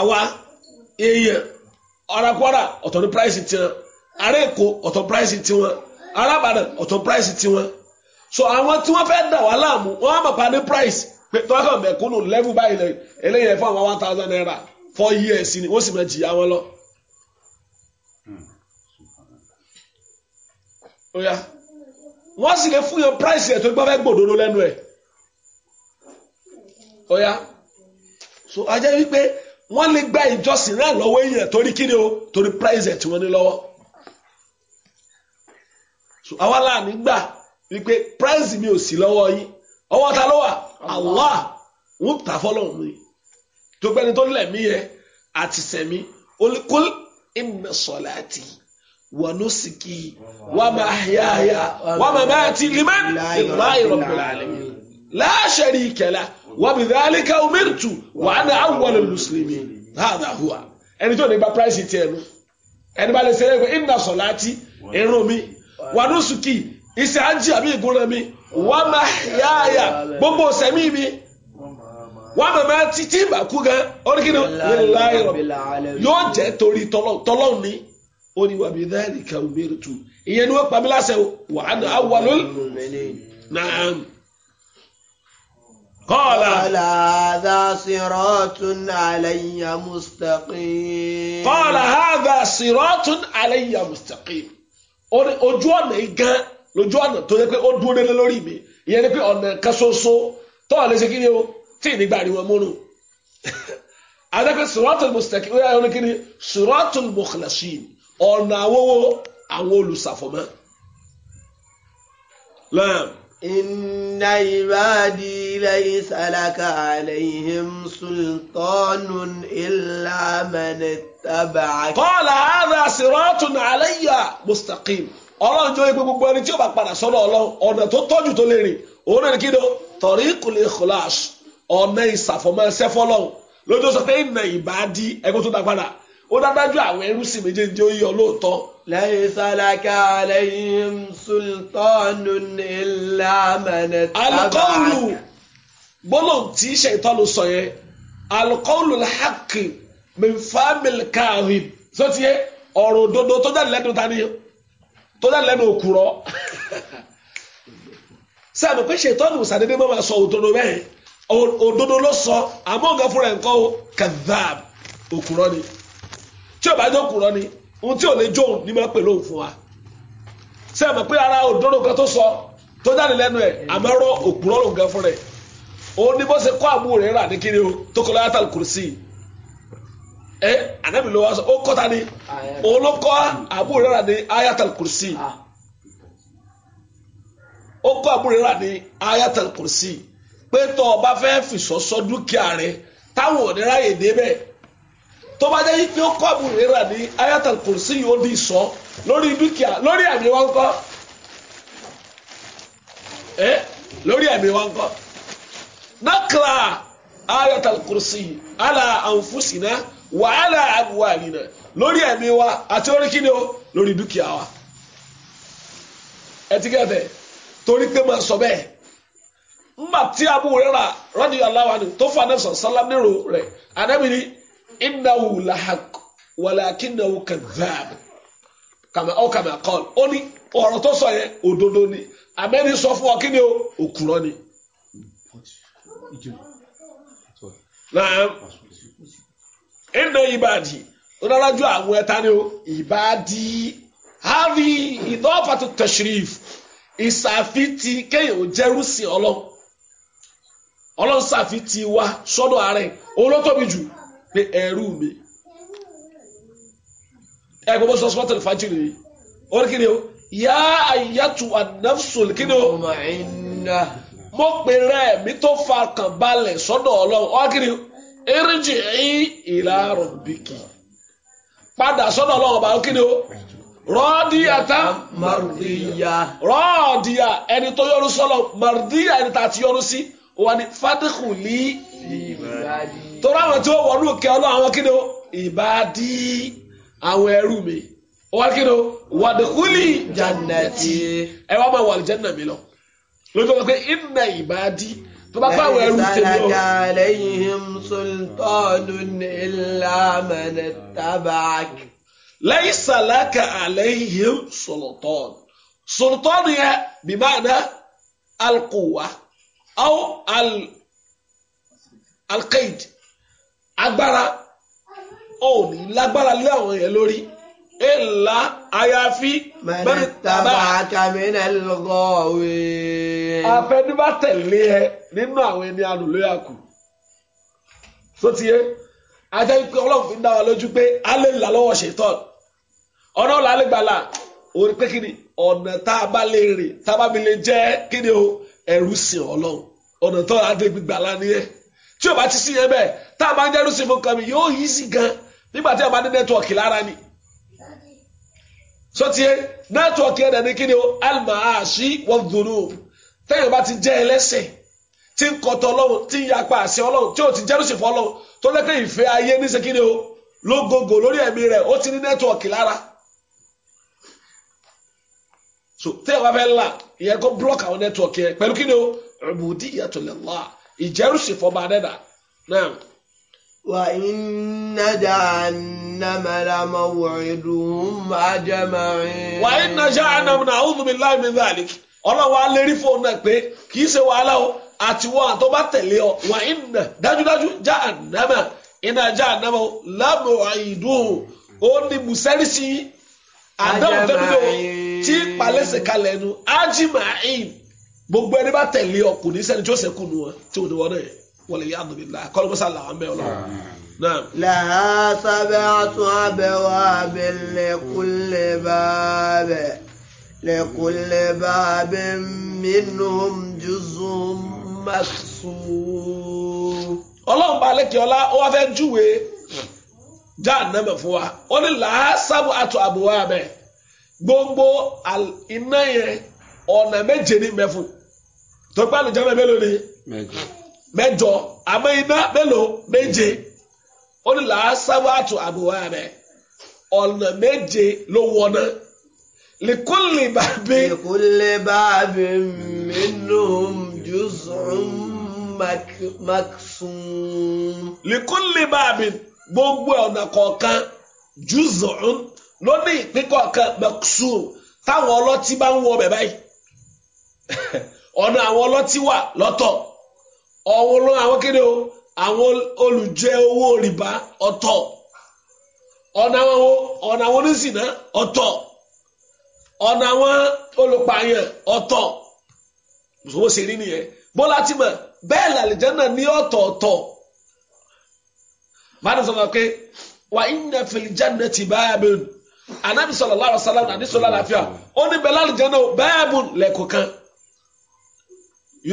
àwa èèyàn ọ̀ràkọ́rà ọ̀tọ̀ ní price tiẹ̀ ará èkó ọ̀tọ̀ price tiwọn arábàdàn ọ̀tọ̀ price tiwọn so àwọn tí wọ́n fẹ́ dà wá láàmú wọ́n á mọ̀ pa ní price pé tọ́kàn mẹ̀kúnnù lẹ́bù báyìí lẹ eléyìí ẹ̀ fún àwọn one thousand naira four years ni wọ́n sì máa jìyà wọn lọ. oya wọ́n sì lè fún yan price ẹ̀ tó gbọ́ fẹ́ gbòdodo lẹ́nu ẹ̀ oya so ajẹ́ wípé wọ́n lè gba ìjọsìn náà lọ́wọ́ èèyàn torí kíni o torí price ẹ̀ tí wọ́n ní lọ́wọ́ so àwa là ní gbà wípé price mi ò sí lọ́wọ́ yín ọwọ́ ta ló wà. Allah wọ́n tà fọlọ́hún ni tó gbẹ́ni tó lẹ̀mí yẹ àti sẹ̀mí olùkọ́lù inna salati wa nusuki wa mahyaya wa mamati liman lillahi rabbil alamin la sharika lah wa bidhalika umirtu wa ana awwalul muslimin hadha huwa ẹni tó ní gba price tiẹ̀ nu ẹni bá lè ṣe é pé inna salati irun mi wa nusuki àjì àbí ìgúnra mi wa mahyaya gbogbo sẹmi mi wa mama titi baku gan ọdún lillahi rabbil alamin yóò jẹ torí tọlọ́n ni ó ní wa bidhalika umirtu ìyẹn ni wọ́n pa mí láṣẹ wa ana awwalul na'am. قال هذا صراط علي مستقيم قال هذا صراط علي مستقيم ojú ọ̀nà lójú ọ̀nà tó yẹ pé ó dúró délé lórí mi ìyẹn ni pé ọ̀nà kan ṣoṣo tó wà léṣe kíni o tí ì nígbà rí wọn múnú. adẹ́pẹ́ sùrọ́tù mustaqim wíwá ẹni kíni sùrọ́tù mukhlasin ọ̀nà àwòwò àwọn olùsàfọ̀mọ́. lẹ́m. inna ibadi laysa laka alayhim sultanun illa man ittaba'aka. qala hadha siratun alayya ọlọ́run jọ ipe gbogbo ẹni tí ó bá padà sọ́dọ̀ ọlọ́run ọ̀nà tó tọ́jú tó lè rìn òun rìn kíni o tọ̀rí kùlẹ̀ kùlàṣ ọ̀nà ìsàfọ̀mọ́ ẹsẹ̀ fọlọ́run lójú sọ pé ìnà ìbàdí ẹgbẹ́ tó dá padà ó dájú àwọn ẹrú sì méjèèjì ó yọ lóòótọ́. lẹ́yìn sálákà lẹ́yìn sultanu ilà mẹ́nẹ́tàbà. alukọ́ọ̀lù gbólóhùn tí ṣètọ́lù sọ yẹn alukọ́ọ̀lù làákì mẹ́fàmìlì káàrin sọ́tìyẹ ọ̀rọ̀ òdodo tó jáde lẹ́nu ta tó dá lẹ́nu òkúrọ́ sáàmù pé ṣètọ́nù sàdédé mọ́ máa sọ òdodo bẹ́ẹ̀ òdodo ló sọ àmọ́ nǹkan fúnra ẹ̀ ń kọ́ kadhab òkúrọ́ ni tí ò bá jẹ́ òkúrọ́ ni ohun tí ò lè jóun ní máa pè lóhùn fún wa sáàmù pé ara òdodo kan tó sọ tó jáde lẹ́nu ẹ̀ àmọ́ rọ òkúrọ́ lóhùn kan fúnra ẹ̀ òun ni bó ṣe kọ́ àbúrò rẹ̀ rà ní kiri o tó kọ́ láyàtà kùrùsì ẹ eh, anabi ló wá sọ ó kọ́ ni òun Abu Huraira ní ayatal kursi ah. ó Abu Huraira ní ayatal kursi pé tó o bá fẹ́ fìṣọ́sọ́ dúkìá rẹ táwọn òdìrá yè débẹ̀ tó bá jẹ́ pé ó Abu Huraira ní ayatal kursi yóò di sọ lórí dúkìá lórí àmì wọn kọ́ ẹ eh, lórí àmì wọn kọ́ nákìlá ayatal kursi ala anfusina. wàhálà àbúwá àrìnà lórí ẹ̀mí wa àti orí kíni o lórí dúkìá wa ẹ ti gẹ̀ẹ́fẹ̀ torí pé máa sọ bẹ́ẹ̀ mbà tí Abu Hurairah radiyallahu anhu tó fà náà sàn sálám nírò rẹ̀ anábìrì innahu lahaq walakinnahu kadhab kàmá ọ kàmá kọ́ọ̀lù ó ní ọ̀rọ̀ tó sọ yẹn òdodo ni àmẹ́ni sọ fún ọ kí ni o òkúrọ́ ni. Naam. ẹnna ìbàdí ọlọ́lájú àwọn ẹ̀ta ni ó ìbàdí havi ìdọ́fàtò tashrif ìsàfitì kéèyàn ò jẹ́rú sí ọlọ́run wa sọ́dọ̀ ààrẹ olótóbi jù pé ẹ̀rú mi ẹ̀ gbogbo sọ sọ́tò ìfàjìrì yìí orí kí ni o yá àyàtú ànáfsùn kí ni o mo pèrè mi tó fa kàn balẹ̀ sọ́dọ̀ ọlọ́run ọ́ kí ni irji'i ila rabbiki padà sọ́dọ̀ ọlọ́run ọba kí ni o rọ́ọ̀dìyà tá mardìyà rọ́ọ̀dìyà ẹni tó yọrù sọ́lọ̀ mardìyà ẹni tá a ti yọrù sí wà ní fadkhuli torí àwọn tí ó wọnú kẹ ọlọ́run àwọn kí ni o ìbàdí àwọn ẹrú mi wà kí ni o wadkhuli jannati ẹ wá máa wà lìjẹ́ nà mí lọ lójú ọ̀gá pé inna ìbàdí. فبقى ويرسل عليهم سلطان إلا من اتبعك ليس لك عليهم سلطان سلطان بمعنى القوة أو ال... القيد أكبر أوني لأكبر اللي لوري إلا أيافي من اتبعك من الغاوين ẹ. afẹ́ni bá tẹ̀lé ẹ nínú àwọn ku? àánú ló yà kù sótìyé ajá pé ọlọ́run fi ń dá wa lójú pé alẹ́ là lọ́wọ́ ṣètọ́n ọ̀nà ọ̀là alẹ́ gbàlà orí pé kíni ọ̀nà tá a bá lè rìn tá a bá mi lè jẹ́ kíni o ẹ̀rú sìn ọlọ́run ọ̀nà tó adé gbígbàlà nìyẹn tí o bá ti sí yẹn bẹ́ẹ̀ tá a bá ń jẹ́rú kan mi yóò yí sí gan nígbà tí a bá ní nẹ́tíwọ̀kì lára ni sọtiẹ nẹ́tíwọ̀kì ẹ̀dẹ̀ ní kíni o almaashi wọ́n dùnú tẹ́yìn bá ti jẹ́ ẹlẹ́sìn tí ń kọtọ ọlọ́run tí ń yapa àṣẹ ọlọ́run tí ò ti jẹ́rùsìn fún ọlọ́run tó lẹ́kẹ́ ìfẹ́ ayé ní sekiri o ló gogò lórí ẹ̀mí rẹ̀ ó ti ní nẹ́tíwọ̀kì lára so tẹ́yìn bá fẹ́ là ìyẹn kó búlọ́kì àwọn nẹ́tíwọ̀kì yẹn pẹ̀lú kí ni o ubudiyatu lillah ìjẹ́rùsìn fún ọba adẹ́dà náà. وإن جهنم لموعدهم أجمعين وإن جهنم نعوذ بالله من ذلك ọlọ́wọ́ á fóun náà pé kì í ṣe wàhálà o àtiwọ́ àtọ́ bá tẹ̀lé ọ wà ìnà dájúdájú já ànámà iná já ànámà o lámò àìdùn ó ní musẹ́rìsì àdáwò tẹ́lifíò tí palẹ́sẹ̀ kalẹ̀ nu ájímà ìn gbogbo ẹni bá tẹ̀lé ọ kò ní sẹ́ni tí ó sẹ́kù nù tí ò ní wọn náà wọlé yá àdùnmí là kọ́lọ́mọ́sá làwọn mẹ́ ọlọ́run. لها سبعة أبواب لكل باب لكل باب منهم juzum maksum. ọlọ́run bá lẹ́kẹ̀ ọlá ó wá fẹ́ júwe jahannama fún wa ó ní gbogbo iná yẹn ọ̀nà méje ní mẹ́fù tó gbá lùjọ́ mẹ́ mélòó ni mẹ́jọ àmọ́ iná mélòó méje ó ní làásàbù àtọ̀ àbúwá abẹ́ ọ̀nà méje ló wọ̀ náà. لكل باب لكل باب منهم جزء مكسوم لكل باب gbogbo ọ̀nà kọ̀ọ̀kan juz'un ló ní ìpín kọ̀ọ̀kan maksum táwọn ọlọ́tí bá ń wọ ọbẹ̀ báyìí ọ̀nà àwọn ọlọ́tí wà lọ́tọ̀ ọ̀wọ́n ló àwọn kéde o àwọn olùjẹ owó rìbá ọ̀tọ̀ ọ̀nà àwọn onísìnà ọ̀tọ̀ ọ̀nà àwọn olùpààyàn ọ̀tọ̀ bó ṣe rí nìyẹn bọ́lá ti mọ̀ bẹ́ẹ̀ làlìjánà ní ọ̀tọ̀ọ̀tọ̀ máa ní sọ̀rọ̀ pé wà inna fil jannati báàbùn anábì sallallahu alaihi wasallam àdí sọ̀lá àlàáfíà ó ní bẹ́ẹ̀ làlìjánà báàbùn lẹ́kọ̀ọ̀kan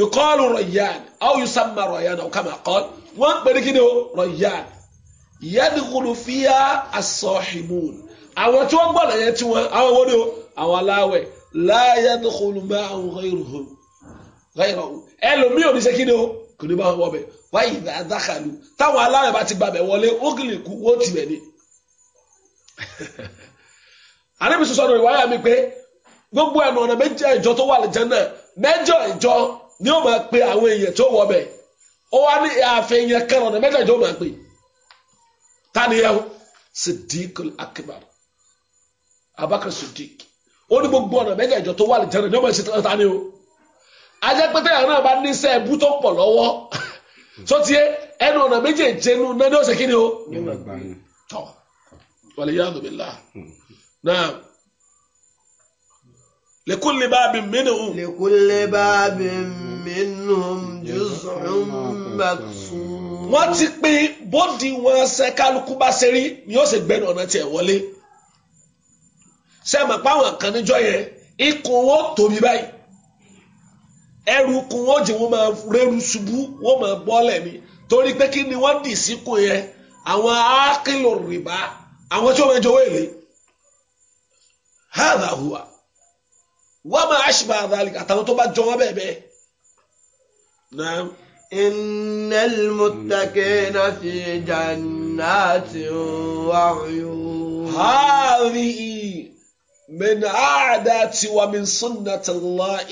yukọ́ọ̀lù rọ̀yàn aw yusamma rọ̀yàn aw kama qala wọ́n ń pè ní kíni o rọ̀yàn yadkhulu fiha as-sahibun àwọn tí wọ́n gbọ́dọ̀ àwọn aláwẹ̀ láyé tó kọlu bá àwọn ghayruhum ghayruhum ẹlòmíì ò ní ṣe kíni o kò ní bá wọn wọbẹ wáyé dákàlù táwọn aláwẹ̀ bá ti gbàbẹ̀ wọlé ó kìlì kú wọ́n ti bẹ̀ ni. àrẹ́bí sọ sọ́dọ̀ ìwáyà mi pé gbogbo ẹnu ọ̀nà méjì ìjọ tó wà lẹ́jẹ̀ náà mẹ́jọ ìjọ ni ó máa pe àwọn èèyàn tó wọbẹ̀ ó wá ní àfihàn kan ọ̀nà mẹ́jọ ìjọ máa pe tani yẹn Siddiqul Akbar Abakar Siddiq ó ní gbogbo ọ̀nà mẹ́gàjọ tó wà lè jẹun ìjọba ìṣe tọ́ta ni o ajẹ́pẹ́tẹ́ yàrá náà bá ní iṣẹ́ ẹbú tó pọ̀ lọ́wọ́ tó ti yé ẹnu ọ̀nà méjèèjì nu náà ní ọ̀sẹ̀ kí ni o tọ̀ wàlẹ̀ yàrá mi là náà lẹ́kùn lè bá bí mínú. lẹ́kùn lè bá bí mínú jùsùn mẹ́tù. wọ́n ti pín bóde wọn ṣe kálukú bá ṣe rí ni ó sì gbẹ́nu ọ̀nà tiẹ̀ wọlé sẹ́mọ̀ páwọn kan níjọ́ yẹn ikùn wọn tóbi báyìí ẹrù kun wọn jẹ wọn máa rẹrù ṣubú wọn máa bọ́lẹ̀ ni torí pé kí ni wọ́n dì síkùn yẹn àwọn ákìlò rìbá àwọn tí wọ́n máa jẹ èlé hàdà hùwà wọ́n máa ṣùgbọ́n àdàlì àtàwọn tó bá jọ wọ́n bẹ́ẹ̀ bẹ́ẹ̀. إن المتقين في جنات وعيون هذه من عادات ومن سنة الله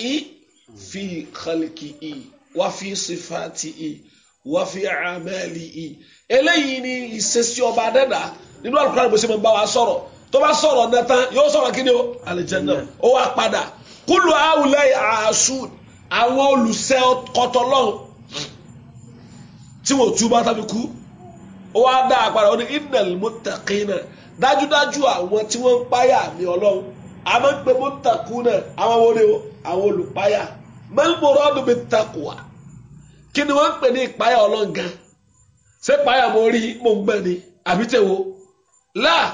في خلقه وفي صفاته وفي أعماله eléyìí ni ìṣesí ọba dẹ́dà nínú Al-Qur'an bó ṣe máa ń bá wa sọ̀rọ̀ tó bá sọ̀rọ̀ nẹ́tàn yóò sọ̀rọ̀ kí ni o alìjẹ́nà ó wá padà kúlù àwùlẹ̀ àṣù àwọn olùṣẹ́ kọtọlọ́hún tí wọ́n tú bá tàbí kú ó wá dá a padà ó ní innal muttaqina dájúdájú àwọn tí wọ́n ń páyà mi ọlọ́run a máa ń pe mú takú náà àwọn wo ni o àwọn olùpáyà mẹ́lìmọ́rọ́ ọdún mi takù wá kí ni wọ́n ń pè ní ìpáyà ọlọ́run gan ṣé ìpáyà mo rí mo ń gbọ́n ni àbí tẹ̀wọ́ láà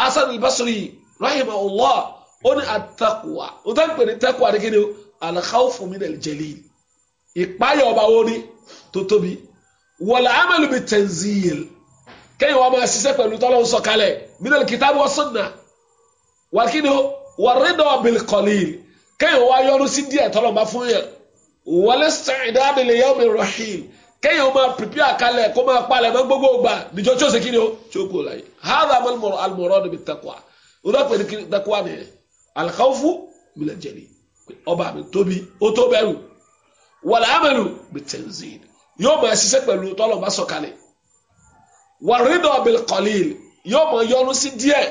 Hasan al-Basri rahimahullah ó ní àtakùwà ó tẹ́ ń pè ní takùwà ní kí ni o al-khawfu min al-jalil ìpáyà ọba wo ni tó tóbi wal amalu bi tanzil kéèyàn wá máa ṣiṣẹ́ pẹ̀lú tọ́lọ́hún sọ̀kalẹ̀ minal kitabu wa sunna wàkínú wàrídọ̀ bil qalil kéèyàn wá yọrù sí díẹ̀ tọ́lọ́hún bá fún yàn wọlé sàìdáàdì lè yẹ omi rahim kéèyàn máa pìpìà kalẹ̀ kó máa palẹ̀ mọ́ gbogbo gbà níjọ tí ó ṣe kíni o tí ó kú láyé hàdà mọ́lmọ́rọ́ almọ́rọ́ níbi taqwa ọdọ ó tó pẹ̀lú tọ́lọ́hún bá wàrídọ̀ abilkọ́lìl yóò máa yọnu sí díẹ̀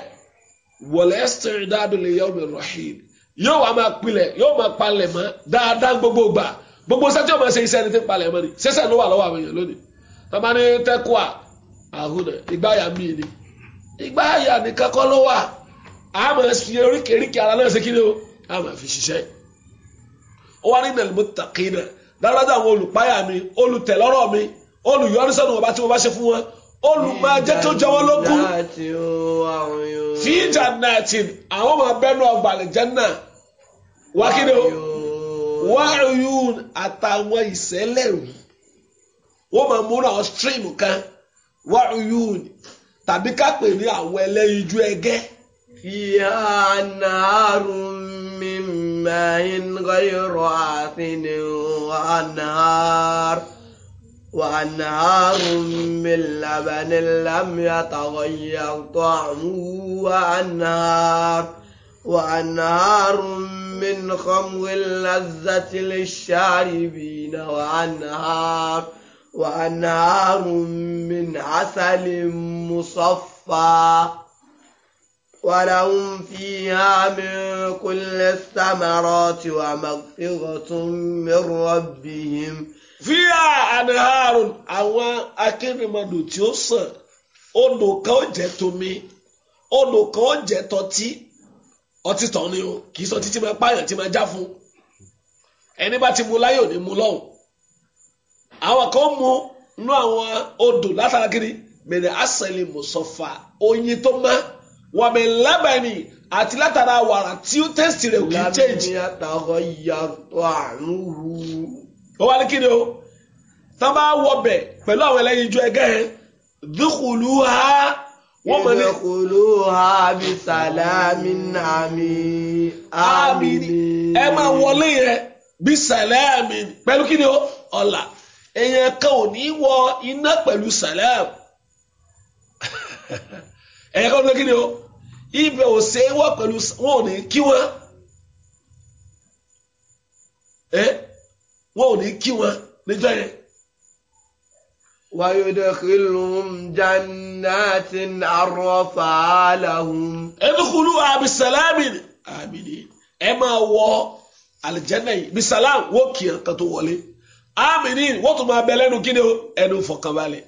wọlé ẹ́sítẹ́rìndàdùn lè yọ ọmọ rahim yóò wà máa pilẹ̀ yóò máa palẹ̀ mọ́ dáadáa gbogbo gbà gbogbo sẹ́tí ọmọ ṣe iṣẹ́ ẹni tí ń palẹ̀ mọ́ ni ṣẹ́sẹ́ ló wà lọ́wọ́ àwọn èèyàn lónìí tọ́ba ní tẹ́kùà àhùnà ìgbáyà míì ni ìgbáyà nìkan kọ́ ló wà á máa fi oríkèéríkèé ara náà ṣe kí ni o á máa fi ṣiṣẹ́ ó wá ní nàìjíríà dáadáa àwọn olùpáyà mi olùtẹ̀lọ́rọ̀ mi olùyọrísọ́nù ọba tí mo bá ṣe fún wọn olùmọ̀jẹ́ tó jẹ́ wọ́n lógún fi jannati àwọn ọmọ abẹ́nu ọgbà àlìjẹ́nà wákìlẹ̀ wáyún àtàwọn ìṣẹ̀lẹ̀rù wọ́n máa múra àwọn stream kan wáyún tàbí ká pè ní àwọn ẹlẹ́yinjú ẹgẹ́. Fìyà nàárùn mi máa ń gbọ́ ìrọ̀ àfin وأنهار من لبن لم يتغير طعمه وأنهار وأنهار من خمر لذة للشاربين وأنهار وأنهار من عسل مصفى ولهم فيها من كل الثمرات ومغفرة من ربهم ۖ fíà àdàhàrùn àwọn akérèmọdò tí ó sàn odò kan ó jẹ́ tomi odò kan ó jẹ́ tọtí ọtí tán ni o kì í sọ títí máa pààyàn tí máa já fún ẹni bá ti mu láyé ò ní mu lọ́hùn àwọn kan mu nú àwọn odò látara kiri mẹrẹ asẹlẹ mùsọfà oyin tó má wàmẹ lábàáni àti látara wàrà tí ó tẹsítì rẹ kì í change. ìyá mi ni àtàwọn ìyá àrùn wù ó wá ní o tá bá wọbẹ̀ pẹ̀lú àwọn ẹlẹ́yin ju ẹgẹ́ yẹn dúkùlù ha wọ́n mọ̀ ní. dúkùlù ha bí sàlámì àmì àmì ẹ máa wọlé yẹn bí sàlámì pẹ̀lú kí ni o ọ̀la èèyàn kan ò ní wọ iná pẹ̀lú sàlámì ẹ̀yẹ kan ló ni o ibẹ̀ ò ṣe é wọ́ pẹ̀lú wọn ò ní kí wọ́n wọn ò ní kí wọn níjọ́ yẹn. ويدخلهم جنات عرفها لهم ادخلوا بسلام آمنين ẹ máa wọ àlìjẹ́nà yìí bisalam wó kìíyàn kan tó wọlé aminin wọ́n tún máa bẹ lẹ́nu kí ni o ẹnu fọkànbalẹ̀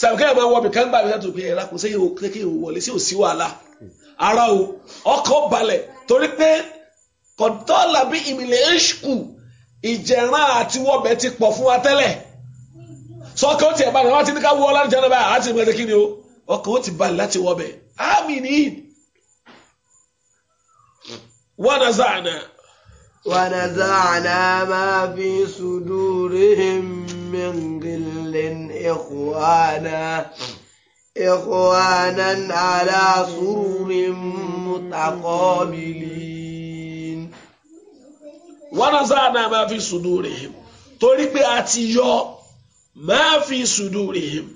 sàbíkẹ́ ẹ̀ máa wọ bìkan gbà mí láti pè é lákùn sẹ́yìn kékeré wọlé sí òsì wàhálà ara o ọkọ̀ balẹ̀ torí pé kọ̀ńtọ́ọ̀là bí ìmìlẹ̀ ẹ̀ṣkù ìjẹ̀ràn àti wọ́bẹ̀ ti pọ̀ fún wa tẹ́lẹ̀ sọ́kẹ́ ó ti ẹ̀ balẹ̀ wọ́n ti ní ká wọ ọ́ láti jẹ́nàbà àti ìmọ̀lẹ́ kí ni o ọkàn ó ti balẹ̀ láti wọ́bẹ̀ ámì ní ìd. wọ́n azá àná. wọ́n azá àná máa fi sudurihim min ghillin ikhwana ikhwanan ala sururin mutaqabilin wanazana máa fi sudurihim torí pé a ti yọ máa fi sudurihim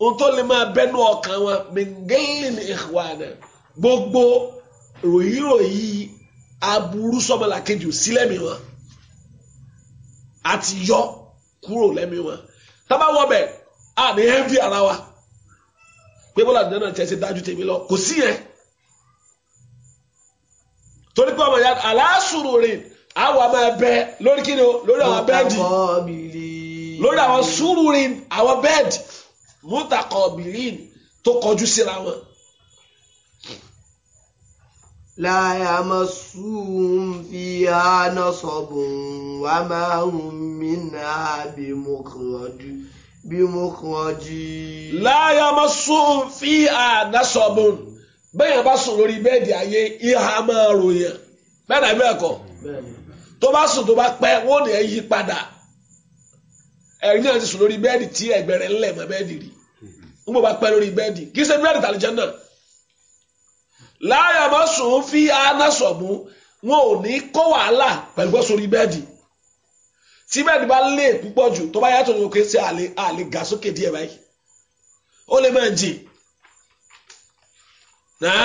ohun tó lè máa bẹnu ọkàn wọn mingilin ikhwana gbogbo ròyìnròyìn aburú sọmọlàkejì ò sí lẹ́mìí wọn a ti yọ kúrò lẹ́mìí wọn tábà wọ bẹ̀ a ní ẹ́ ara wa pé bọ́lá àdìyàn náà tẹ̀sí dájú tèmi lọ kò sí yẹn torí pé ọmọ yàrá aláṣùrù rìn àwa máa bẹ lórí kí ni o lórí àwọn bẹ́ẹ̀dì lórí àwọn sùúrùrin àwọn bẹ́ẹ̀dì mutakọ̀bìlín tó kọjú síra wọn. láyà mọ̀sùn fi àánà sọ̀bùn wà máa hùn mí náà bí mo kàn ọ́ dùn bí mo kàn ọ́ jí. láyà mọ̀sùn fi àánà sọ̀bùn bẹ́ẹ̀ bá sùn lórí bẹ́ẹ̀dì ayé ìhà máa ròyìn bẹ́ẹ̀ náà bẹ́ẹ̀ kọ́ tó bá sùn tó bá pẹ́ wọ́n ní ẹ yí padà ẹ̀rín náà ti sùn lórí bẹ́ẹ̀dì tí ẹ̀gbẹ́ rẹ̀ ńlẹ̀ mọ́ bẹ́ẹ̀dì rí ń bọ̀ bá pẹ́ lórí bẹ́ẹ̀dì kì í ṣe bẹ́ẹ̀dì tàlíjẹ́ náà láyà má sùn fi aná sọ̀mú wọn ò ní kó wàhálà pẹ̀lú bọ́ sórí bẹ́ẹ̀dì tí bẹ́ẹ̀dì bá lé púpọ̀ jù tó bá yàtọ̀ ní òkè sí àlè àlè gà sókè díẹ̀ báyìí ó lè máa jìn náà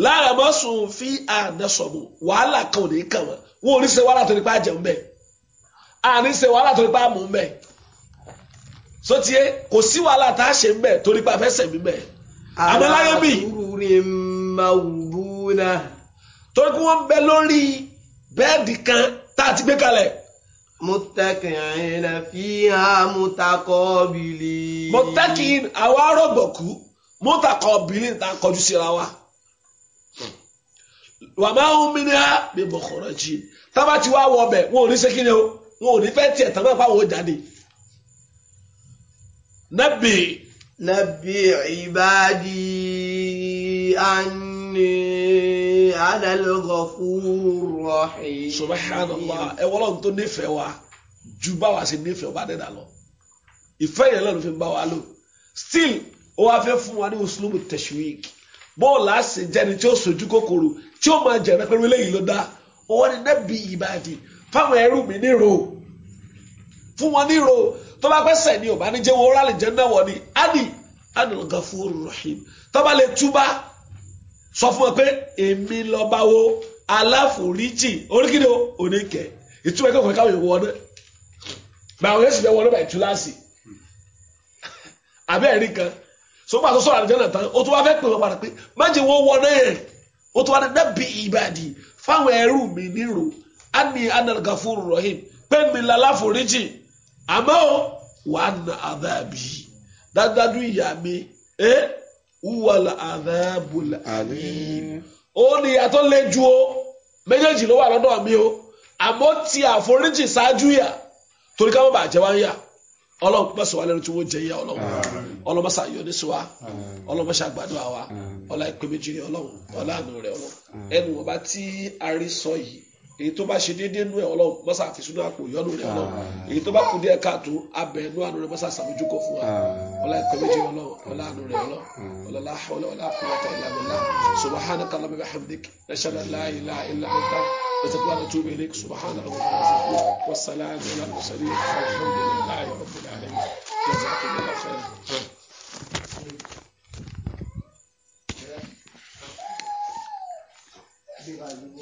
lára mọ́ sùn fi ànásọ̀mù wàhálà kan ò ní kàn wọ́n wọn ò ní ṣe wàhálà tó nípa jẹun bẹ́ẹ̀ àní ṣe wàhálà tó nípa mú bẹ́ẹ̀ sotie kò sí wàhálà tá a ṣe ń bẹ̀ torí pa fẹsẹ̀ mi bẹ̀ àmọ́ láyé mi. àrùrìn màwùbúnà. torí pé wọ́n ń bẹ lórí bẹ́ẹ̀dì kan tá a ti gbé kalẹ̀. mutakin fi hàn mutakọ́bìlì. mutakin àwa rọ̀gbọ̀kú mutakọ́bìlì ta kọjú síra wa wà máa ń mi ní á bí mo kọ̀rọ̀ jì tábà tí wàá wọ ọbẹ̀ wọn ò ní sékìlì o wọn ò ní fẹ́ tiẹ̀ tán náà fáwọn ó jáde. nàbì. nàbì ìbàdí àní alẹ́lẹ́gọ̀fúrú rọ̀hìn. subhanallah ẹ wọ́lọ́run tó nífẹ̀ẹ́ wa ju báwa ṣe nífẹ̀ẹ́ ọba dẹ́dà lọ ìfẹ́ yẹn lọ́run fi bá wa lò still ó wá fẹ́ fún wa ní uslubu tashwik bóòlù àṣẹ jẹni tí ó sojú kòkòrò tí ó máa jẹrẹ pẹ̀lú eléyìí ló dá wọn ni nẹbi ìbàdí fáwọn ẹrú mi níro fún wọn níro tó bá pẹ́ sẹ̀ ni ò bá ní jẹ́ wọn ó rálẹ̀ jẹ́ náà wọ̀ ni adi adul gafuru rahim tó bá lè túbá sọ fún wọn pé èmi lọ́ba wo aláforíjì oríkìdí oníkẹ́ ìtumọ̀ ẹ̀kọ́ kan káwọn èèwọ̀ náà gbàwọn yóò sì fẹ́ wọlé bá sọgbà tó sọ̀rọ̀ àlùjànnà tán ó tún wá fẹ́ pè wọ́n padà pé májè wọ́n wọ náà yẹn tún wá náà bí ìbàdí fáwọn ẹrú mi nírò á ní anagafuru rahim pé mi láláforíjì àmọ́ wàá na àdábì dájúdájú ìyá mi ẹ́ wúwàlà àdábùlà àlìm ó ní ìyàtọ̀ lé ju o méjèèjì ló wà lọ́dọ̀ mi o àmọ́ ti àforíjì ṣáájú yà torí ká má bàa jẹ́ wá ń yà ọlọ́run pẹ̀sọ̀ wà lẹ́nu tí wọ́n jẹ́ yà ọlọ́run ọlọmọsà yọdí sí wa ọlọmọsà gbàdúrà wa ọlá ìpè méjì ní Ọlọ́run ọlá àánú rẹ̀ Ọlọ́run ẹnu wọn bá tí a rí sọ yìí èyí tó bá ṣe déédéé nú ẹ Ọlọ́run mọsà àfisúnú àpò yọnu rẹ̀ Ọlọ́run èyí tó bá kú díẹ̀ káàtó abẹ nú àánú rẹ̀ mọsà sàmójúkọ fún wa ọlá ìpè méjì ní Ọlọ́run ọlá àánú rẹ̀ Ọlọ́run ọlọlá ọlọlá ọlá àkúrọtà ìlànà subhanaka allahumma wa bihamdik ashhadu an wa atubu ilaik subhanaka ala mursalin والسلام على المرسلين والحمد لله رب العالمين جزاكم الله خيرا 그래가지고